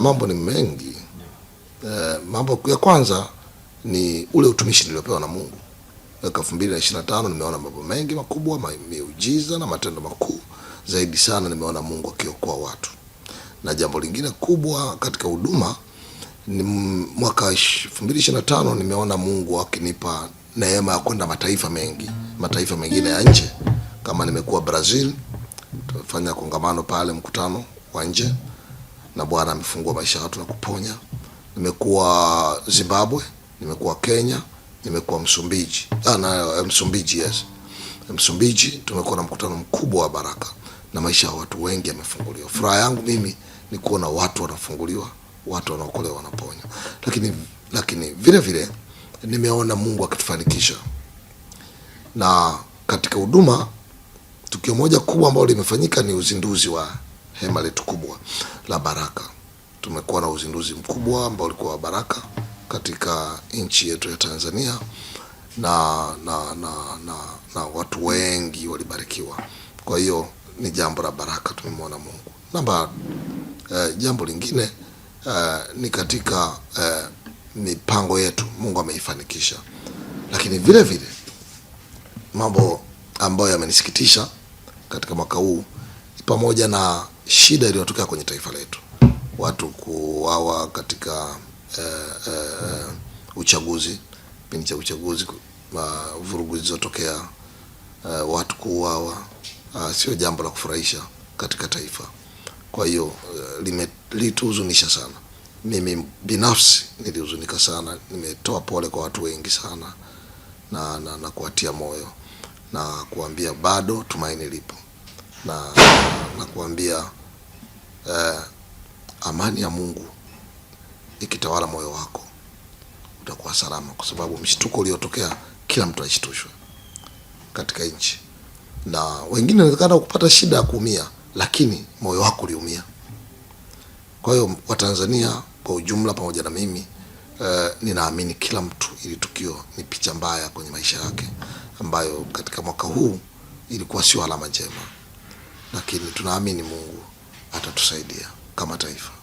mambo ni mengi eh, mambo ya kwanza ni ule utumishi niliopewa na Mungu mwaka 2025 nimeona mambo mengi makubwa, miujiza na matendo makuu. Zaidi sana nimeona Mungu akiokoa watu, na jambo lingine kubwa katika huduma ni mwaka 2025 nimeona Mungu akinipa neema ya kwenda mataifa mengi, mataifa mengine ya nje, kama nimekuwa Brazil, tumefanya kongamano pale, mkutano wa nje na Bwana amefungua maisha watu na kuponya. Nimekuwa Zimbabwe, nimekuwa Kenya, nimekuwa Msumbiji. Ah, na eh, Msumbiji, yes. Msumbiji tumekuwa na mkutano mkubwa wa baraka na maisha ya watu wengi yamefunguliwa. Furaha yangu mimi ni kuona watu wanafunguliwa, watu wanaokolewa, wanaponywa. Lakini lakini vile vile nimeona Mungu akitufanikisha. Na katika huduma tukio moja kubwa ambalo limefanyika ni uzinduzi wa hema letu kubwa la Baraka. Tumekuwa na uzinduzi mkubwa ambao ulikuwa wa baraka katika nchi yetu ya Tanzania na na, na, na, na watu wengi walibarikiwa. Kwa hiyo ni jambo la baraka, tumemwona Mungu. Namba eh, jambo lingine eh, ni katika eh, mipango yetu Mungu ameifanikisha, lakini vile vile mambo ambayo yamenisikitisha katika mwaka huu pamoja na shida iliyotokea kwenye taifa letu, watu kuuawa katika e, e, uchaguzi, kipindi cha uchaguzi, vurugu zilizotokea, e, watu kuuawa, ah, sio jambo la kufurahisha katika taifa. Kwa hiyo lituhuzunisha sana. Mimi binafsi nilihuzunika sana, nimetoa pole kwa watu wengi sana na, na, na kuwatia moyo na kuambia bado tumaini lipo na nakuambia eh, amani ya Mungu ikitawala moyo wako utakuwa salama, kwa sababu mshtuko uliotokea kila mtu aishtushwe katika nchi, na wengine inawezekana kupata shida ya kuumia, lakini moyo wako uliumia. Kwa hiyo Watanzania kwa ujumla pamoja na mimi eh, ninaamini kila mtu ili tukio ni picha mbaya kwenye maisha yake ambayo katika mwaka huu ilikuwa sio alama njema lakini tunaamini Mungu atatusaidia kama taifa.